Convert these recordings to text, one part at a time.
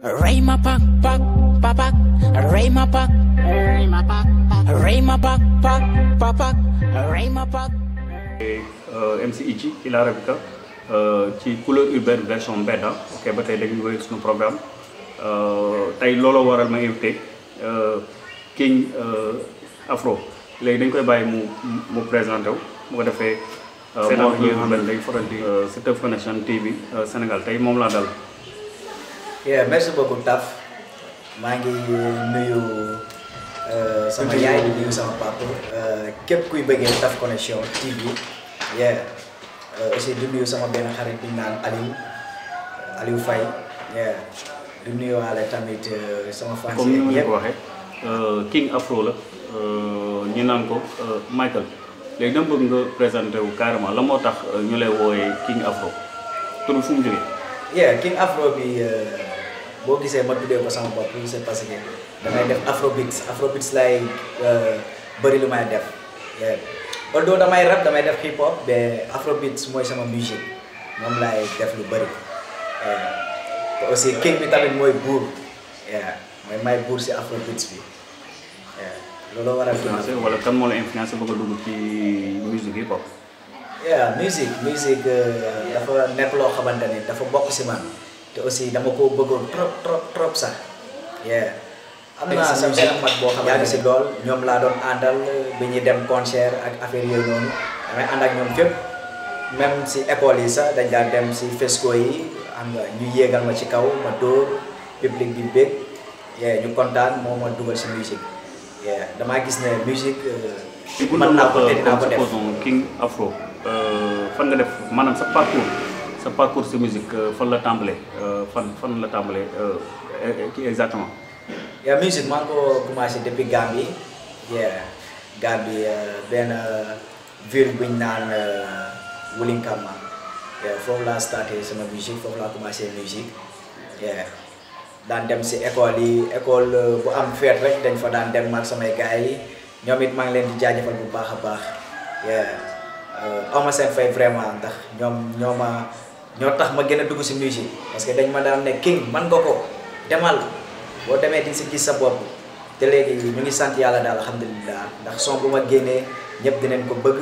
Rayma pak pak papak Rayma pak Rayma pak Rayma pak pak papak Rayma pak uh, MCEG Ila Arabica uh, ci couleur urbaine version bêta ok ba tey dañuy wéy suñu programme tey looloo waral ma invité uh, King Afro léegi dañ koy bàyyi mu mu présenté wu bu ko defee Senegal, wax ñi day faral di c'est Connection TV Sénégal tey moom laa dal yeah merci beaucoup Taf maa ngi nuyu uh, sama yaay di nuyu sama papa uh, képp kuy bëggee Taf Connection TV yeah uh, aussi di nuyu sama benn xarit bi naan Aliou Aliou Faye yeah di nuyuwaale tamit sama fans comme ni ma leen ko waxee King Afro la ñu naan ko Michael léegi dama bëgg nga présenté wu carrément la moo tax ñu lay wooyee King Afro tur fu mu jógee. yeah King Afro bi. bo gisee mat tuddee ko sama bopp bi c'est parce que ya. damay def afrobeats afrobeats lay bëri lu may def ya. although damay rap damay def hip hop mais afrobeats mooy sama musique moom lay def lu bëri te aussi king bi tamit mooy buur mooy ya, may bour si afrobeats bi loolu waral influencé wala kan moo la influencé bëgg a dugg ci musique hip hop yeah musique musique eh, dafa nekk loo xamante ni dafa bokk si man do si dama ko bëggoon trop trop trop yeah am naa si lool ñoom laa doon àndal dem concert ak apa yooyu noonu damay ànd si Epolisa dan sax dem si fesco yi New Year ñu yéegal ma ci kaw ma yeah ñu kontaan moo ma dugal eh, si musique yeah damaa Ibu nak apa? King Afro eh, fan nga def maanaam sa ce parcours de musique euh, fan la tàmbalee euh, fan fan la tàmbalee euh, e, kii exactement. yaa musique maa ngi ko commencé depuis gambi yeah Gambie benn ville bu ñu naan Wulinkama foofu laa starté sama musique foofu laa commencé musique yeah dan dem si école yi école bu am fête rek dañ fa dan dem mak samay gars yi ñoom it maa ngi leen di jaajëfal bu baax a baax yeah aw ma seen fay vraiment ndax ñoom ñoo ñoo tax ma gëna dugg ci musique parce que dañ ma daan ne king man nga ko demal bo démé di ci gis sa bop té légui ñu ngi sant yalla daal alhamdullilah ndax son bu ma ñëpp dinañ ko bëgg.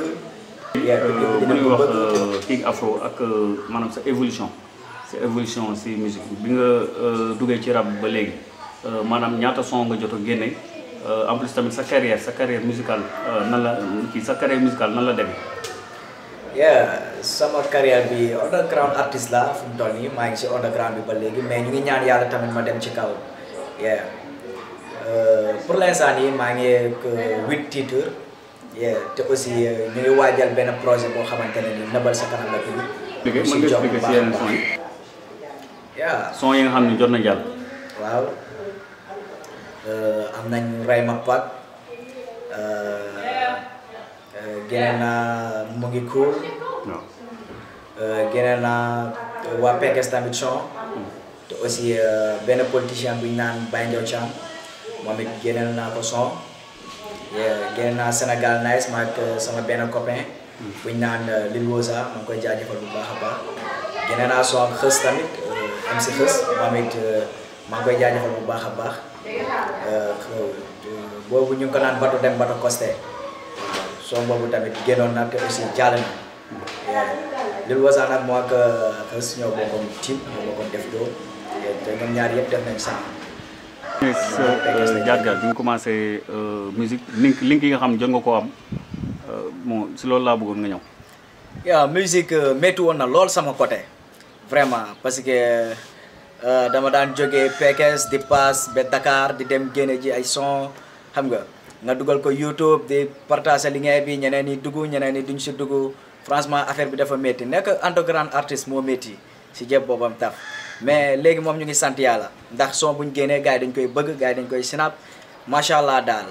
Euh, euh, king Afro ak euh, manam sa évolution sa évolution si musique bi nga duggé ci rap ba légui manam ñaata son nga jot gëné en plus tamit sa carrière sa carrière musicale nan la sa carrière musicale nan la yeah sama carrière bi underground artiste la fu mu toll nii maa ngi si underground bi ba léegi mais ñu ngi ñaan yàlla tamit ma dem ci kaw yeah euh, pour l'instant nii maa ngi ak euh, huit titres yeah te aussi euh, ñu benn projet boo xamante ne nii nëbal sa kanam la tudd. liggéey mën yi. nga xam ne jot na jàll. waaw am nañ Ray Ma Pac génn naa mu ngi cool. Euh, génne na waa euh, PKS euh, hmm. tamit to te aussi benn politicien bu ñu naan Baye Ndiaw Thiam moom it génne naa ko son génne naa Sénégal nice ma ak sama benn copain bu ñu naan Lil Woza ma ngi koy jaajëfal bu baax a baax génne naa son ak xës tamit am si xës moom koy jaajëfal bu baax baax boobu ñu ko naan bato dem bato costé son boobu tamit génnoon na te aussi jàll di luar sana moo ak xës ñoo bokkoon team ñoo bokkoon def do te ñoom ñaar yëpp def nañ sang jaar-jaar bi nga commencé musique link link yi nga xam jëng ko am bon ci loolu la bëggoon nga ñëw ya musique eh, métti woon na lool sama côté eh. vraiment parce que eh, dama daan joggé PKS di pass be Dakar di dem génne ji ay son xam nga nga duggal ko YouTube di partager li ngay bi ñeneen ni duggu ñeneen ni duñ ci duggu franchement affaire bi dafa métti nekk underground artiste moo métti si jéb boobam taf mais léegi moom ñu ngi sant yàlla ndax son bu ñu génnee gars yi dañ koy bëgg gaa yi dañ koy sinap macha allah daal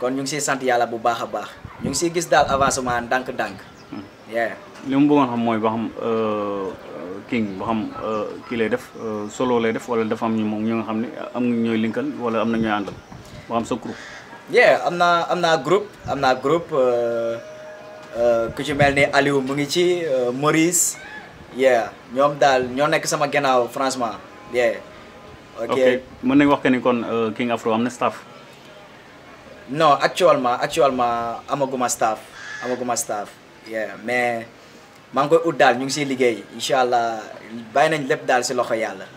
kon ñu ngi siy sant yàlla bu baax a baax ñu ngi si gis daal avancement ndànk-ndànk. Hmm. li mu bëggoon xam mooy ba xam euh, euh, king ba xam euh, kii lay def solo lay def wala dafa am ñu moom ñu nga xam ne am na ñooy linkal wala am na ñooy àndal ba xam sa groupe. yeah am naa am naa groupe Eh, ku ci mel ni Aliou mu ngi ci eh, Maurice yeah ñoom daal ñoo nekk sama gannaaw franchement yeah ok mën nañu wax que ni kon eh, King Afro am na staff non actuellement actuellement amaguma staff amaguma staff yeah mais maa koy ut daal ñu ngi si liggéey incha allah bàyyi nañ lépp daal si loxo yàlla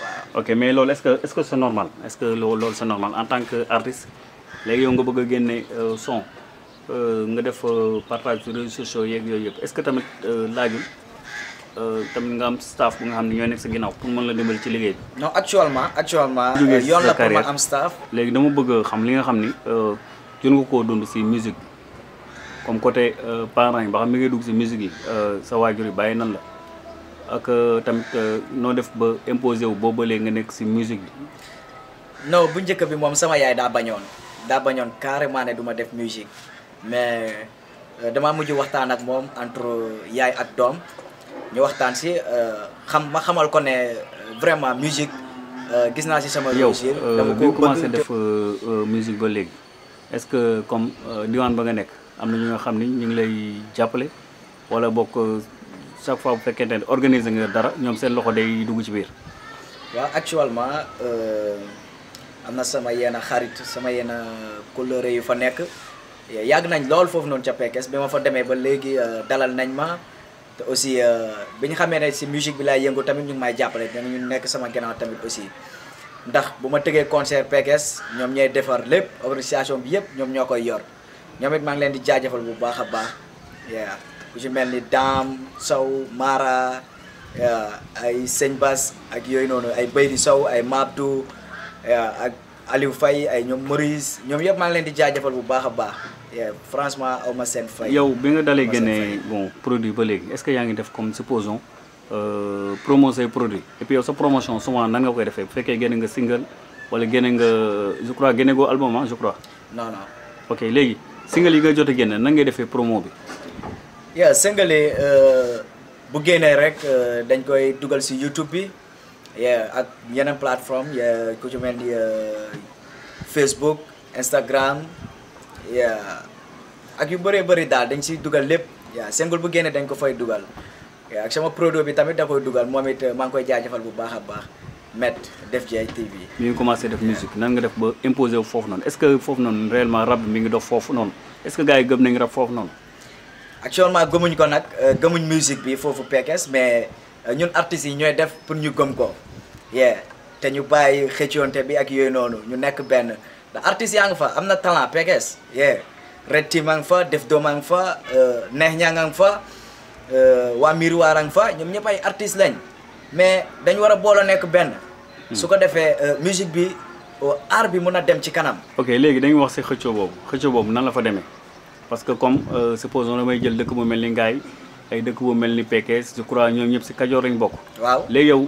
waaw. ok mais loolu est-ce que est-ce que c'est normal est-ce que loolu loolu c'est normal en tant que artiste léegi yow nga bëgg a génne son Euh, nga def euh, partage sur réseaux sociaux yeeg yooyu yëpp est-ce que tamit euh, laajul tamit nga am staff bu nga xam ne ñoo nekk sa ginnaaw pour mën la dimbali ci liggéey bi. non actuellement actuellement. yoon la pour ma am staff. léegi dama bëgg xam li nga xam ni jot nga koo dund si musique bi comme côté parents yi ba xam mi ngay dugg si musique yi sa waajur yi bàyyi nan la ak tamit noo def ba imposé wu boo nga nekk si musique bi. non bu njëkk bi moom sama yaay daa bañoon daa bañoon carrément ne du def musique. mais euh, damaa mujj waxtaan ak moom entre yaay ak doom ñu waxtaan si euh, xam ma xamal ko ne euh, vraiment musique gis naa si sama. réussir dama ko yow commencé def musique ba léegi est-ce que comme diwaan ba nga nekk am na ñu nga xam ni ñu ngi lay jàppale walla bokk chaque fois bu fekkente ne organiser nga dara ñoom seen loxo day dugg ci biir. waaw actuellement am na sama yenn xarit sama yenn couleur yu fa nekk. yag nañ lol fofu non ca Pekes bima ma fa démé ba légui euh, dalal nañ ma té aussi euh, biñ xamé né ci si musique bi laay yëngu tamit ñu may jappalé dañ ñu nekk sama gënaaw tamit aussi ndax buma tégué concert Pekes ñom ñay defar lépp organisation bi yépp ñom ñokoy yor ñamit ma ngi leen di jaajeufal bu baaxa baax ya ku ci melni dam saw Sow Mara ay Sëñ bass ak yoy nonu ay bayri Sow ay ya ak Aliou fay ay ñom Maurice ñom yépp ma ngi leen di jaajeufal bu baaxa baax franchement je ma seen fay. yow est-ce que vous comme supposons euh, promo produit et puis sa promotion souvent nan nga koy single wala euh, je crois album ah, je crois. non non. ok les single yi nga a nan yeah single yi euh, bu génnee rek dañ koy YouTube yeah ak y platform Facebook Instagram. ya aki bore bore dadeng si dugal lep ya senggol begene deng ko fay dugal ya ak sama produit bi tamit da koy dugal momit eh, mang koy jaajefal bu baaxa baax met def ci ay tv mi ngi commencé def musique nan nga def ba imposer fofu non est ce que fofu non réellement rap mi ngi dof fofu non est ce que gaay gëm nañ rap fofu non actuellement gëmuñ ko nak eh, gëmuñ musique bi fofu pekes mais eh, ñun artiste yi ñoy def pour ñu gëm ko yeah té ñu bayyi xëccionté bi ak yoy nonu ñu nekk ben da nah, artis yang fa amna ya, talent pekes ye reddi mang fa def do mang fa euh neh nyang ang fa euh wa miru arang fa ñom ay artiste lañ mais dañ wara bolo nek ben hmm. su ko defé euh, eh, eh, musique bi au oh, art bi mëna dem ci kanam ok légui dañ wax ci xëccu bobu xëccu bobu nan la fa démé parce que comme euh, supposons may jël dëkk bu melni ngaay ay dëkk bu melni pekes je crois ñom ñep ci kadior lañ bok waaw légui yow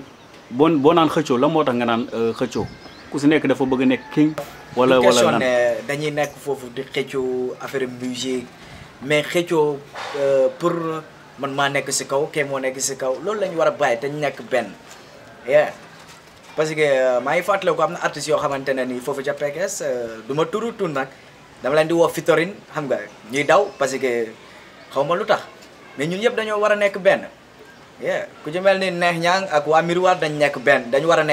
bon bo nan xëccio la motax nga nan euh, xëccu ku ci nek dafa bëgg nek king wala wala question ne eh, dañuy nekk foofu di xëccoo affaire musique mais xëccoo euh, pour man maa nekk si kaw kee moo nekk si kaw loolu la ñu war a bàyyi te ñu nekk benn yeah parce que euh, maa ngi ko am na artistes yoo xamante ni foofu ca PKS euh, du ma turu tur nag dama leen di woo Fitorin xam nga ñuy daw parce que xaw ma mais ñun yëpp dañoo yeah ku ci ni neex ñaang ak waa miroir dañ nekk benn dañu war a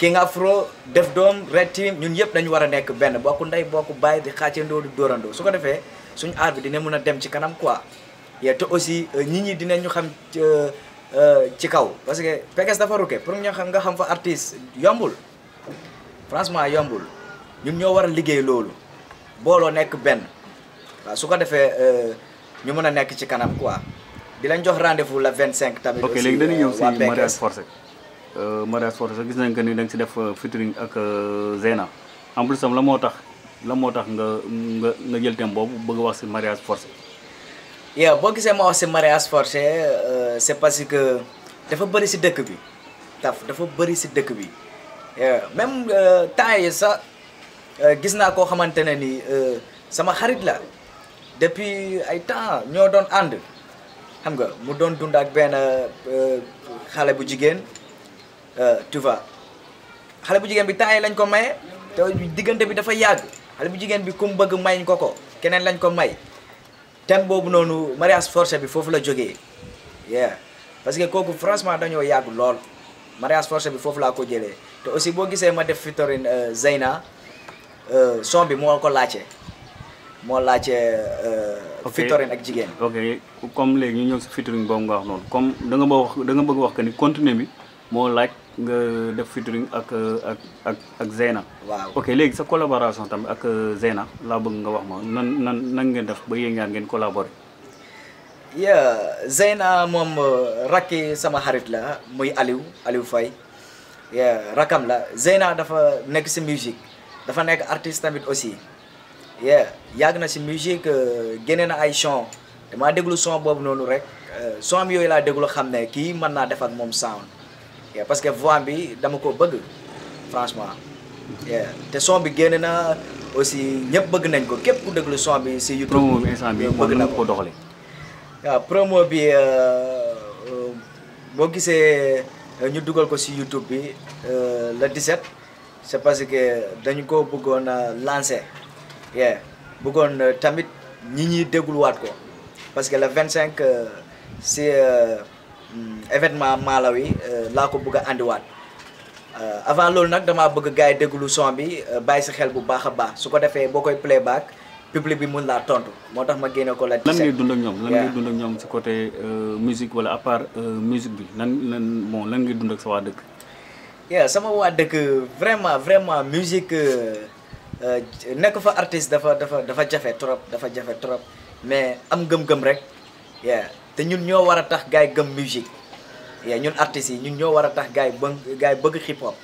King Afro def dom red team ñun yépp dañu wara nek nekk benn bokku nday bokku bay di xati ndo di dóorandoo su ko defé suñu aar bi dina mëna dem ci kanam quoi ya to aussi euh, nit ñi dinañu xam ci euh, euh, ci kaw parce que Pekes dafa roké pour ñu xam nga xam fa artiste yombul franchement yombul ñun ñoo wara liggéey loolu bolo nek benn waaw su ko defee ñu mëna nek ci kanam quoi di lañ jox rendez-vous la 25 tamit. ok légui dañu ñëw ci mariage forcé Euh, mariage forcé sax gis nañ que ni da nga si def euh, featuring ak euh, Zeyna en plus tam la moo tax la moo tax nga nga jël thème boobu bëgg wax si mariage forcé yow boo gisee ma wax si mariage forcé c'est parce que dafa bëri si dëkk bi taf dafa bëri si dëkk bi même temps yi sax gis naa koo xamante ne ni sama xarit la depuis ay temps ñoo doon ànd xam nga mu doon dund ak benn xale bu jigéen Euh, tu xale bu jigéen bi temps lañ ko maye te diggante bi dafa yàgg xale bu jigéen bi ku mu bëgg mayuñ ko ko keneen lañ ko may thème boobu noonu mariage forcé bi foofu la jógee yeah parce que kooku franchement dañoo yàgg lool mariage force bi foofu laa ko jëlee te aussi boo gisee ma def featuring euh, Zeyna euh, son bi moo ko laajte moo laajte featuring ak jigéen ok comme léegi ñu ñëw si featuring boobu nga wax noonu comme da nga bëgg wax da bëgg wax que ni continuer bi moo laaj nga def featuring ak ak ak ak Zeyna. waaw ok léegi sa collaboration tamit ak euh, Zeyna laa bëgg nga wax ma nan nan nan ngeen def ba yéen ñaar ngeen collaborer. yeah Zeyna moom euh, rakki sama xarit la muy Aliou Aliou fay yeah rakam la Zeyna dafa nekk si musique dafa nekk artiste tamit aussi yeah yàgg na si musique euh, génne na ay son damaa déglu son boobu noonu rek son am yooyu laa déglu xam ne kii mën naa def ak moom sound Yeah, parce que voix bi dama ko bëgg franchement. yeah té son bi génn na aussi ñëpp bëgg nañ ko képp ku déglu son bi ci YouTube. promo instant bi bëgg na ko doxalee. ya promo bi euh, euh bo gisé euh, ñu duggal ko ci YouTube bi euh le 17 c'est parce que dañ ko bëggon a euh, lancer. yeah bëggon tamit ñi ñi ñuy dégluwaat ko parce que le 25 c'est euh, événement hmm. Malawi eh, la ko bëgg andi waat eh, avant lool nak dama bëgg gaay yi déglu son bi eh, bay sa xel bu baaxa baax su ko defee boo playback public bi mën la tontu motax ma gëné ko la. ci lan ngay dund ak ñom lan ngay dund ak ñom ci côté musique wala à part musique bi lan lan bon lan ngay dund ak sa wa dëkk. yeah sama wa dëkk vraiment vraiment musique nek fa artiste dafa dafa dafa jafé trop dafa jafé trop mais am gëm-gëm rek yeah. te ñun ñoo war a tax gars yi gëm musique ñun artistes yi ñun ñoo war a tax gars yi bëgg gars yi bëgg hip hop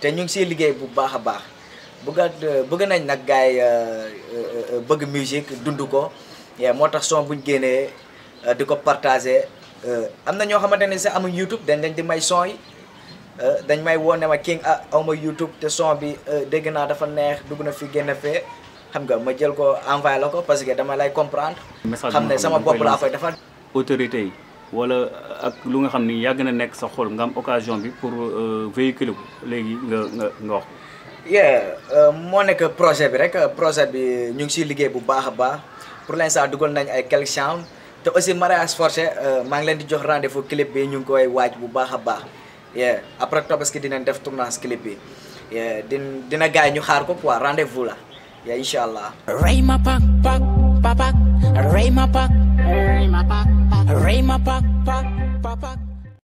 te ñu ngi siy liggéey bu baax a baax bëgg bëgg nañ nag gars yi uh, uh, uh, bëgg musique dund ko moo tax son buñ génnee di ko partager am na ñoo xamante ne sax amuñ YouTube dañ leen di may son yi dañ may wone ma King ah aw ma YouTube te son bi dégg naa dafa neex dugg na fi génn fee xam nga ma jël ko envoyé la ko parce que dama lay comprendre xam ne sama bopp la fay defal autorité yi wala ak lu nga xam ni yàgg na nekk sa xol nga am occasion bi pour euh, véhicule ko léegi nga nga nga wax yeah euh, moo nekk projet bi rek projet bi ñu ngi siy liggéey bu baax a baax pour l' instant dugal nañ ay quelques chambres te aussi mariage forcé euh, maa ngi leen di jox rendez vous clip bi ñu ngi koy waaj bu baax a baax yeah après tabaski dinañ def tournage clip bi din dina gars ñu xaar ko quoi rendez vous la Yeah, inshallah. Rayma pak pak pak pak. Rayma pak. Rayma pak pak. Rayma pak pak pak pak.